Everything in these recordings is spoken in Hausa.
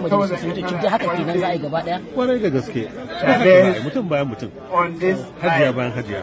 majalisar sun ce dai haka kenan za a yi gaba daya kwarai da gaske mutum bayan mutum hajiya bayan hajiya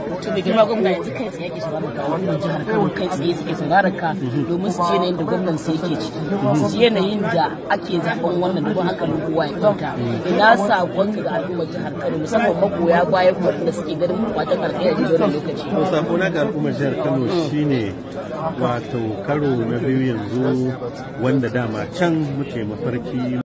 to bai girma gwamna yanzu kai tsaye yake shiga maka wannan jihar Kano kai tsaye suke sauraron ka domin su ce yanayin da gwamnan su yake ciki su ce yanayin da ake zaben wannan domin haka ne kowa ya kwanta ina sakon da al'ummar jihar Kano musamman magoya bayan waɗanda suke ganin kwatan alƙairi a wannan lokaci. To sako na ga al'ummar jihar Kano shine wato karo na biyu yanzu wanda dama can muke mafarki